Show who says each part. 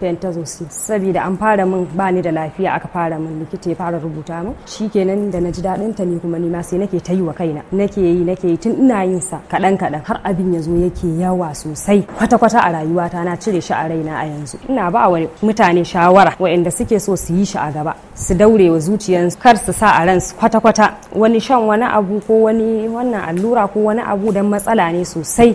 Speaker 1: pentazocin saboda an fara min ba ni da lafiya aka fara min likita ya fara rubuta min shi kenan da na ji daɗin ta ni kuma ni ma sai nake ta yi wa kaina nake yi nake yi tun ina yin sa kaɗan kaɗan har abin ya zo yake yawa sosai kwata kwata a rayuwata na cire shi a raina a yanzu ina ba wa mutane shawara waɗanda suke so su yi shi a gaba su daure wa zuciyansu kar su sa a ransu kwata kwata wani shan wani abu ko wani wannan allura ko wani abu dan matsala
Speaker 2: ne sosai